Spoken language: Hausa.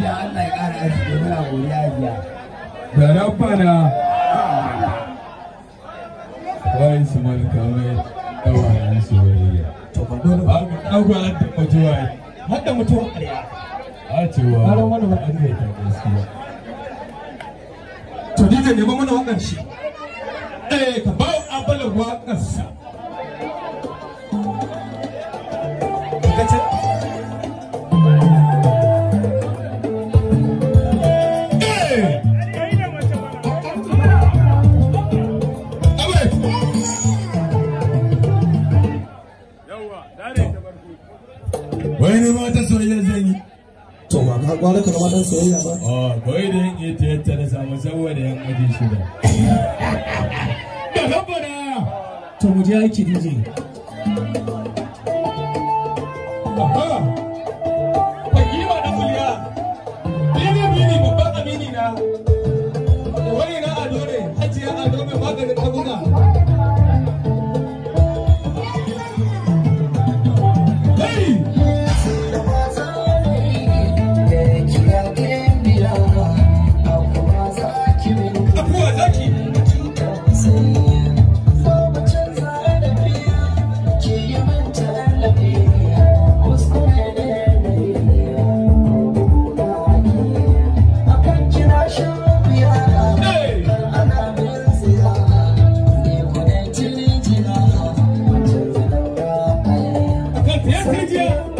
ajiya Allah ya ƙara arziki muna godiya ajiya da rabbana wai su malka mai ɗawayen soyayya to ba dole ba ga ɗago hadda mutuwa a cewa har wani ba an zai ta gaskiya to ni neman mana wakan shi eh ka ba abala wakan sa ka ce kwara ka dan soyayya ba oh koyi da yin ita yatta da samu saboda yan aji shida da saboda to mu je aiki DJ aha da bini bini babban amini na wani na ado ne hajiya ado mai maganin tabo 스테이지야 아, 네.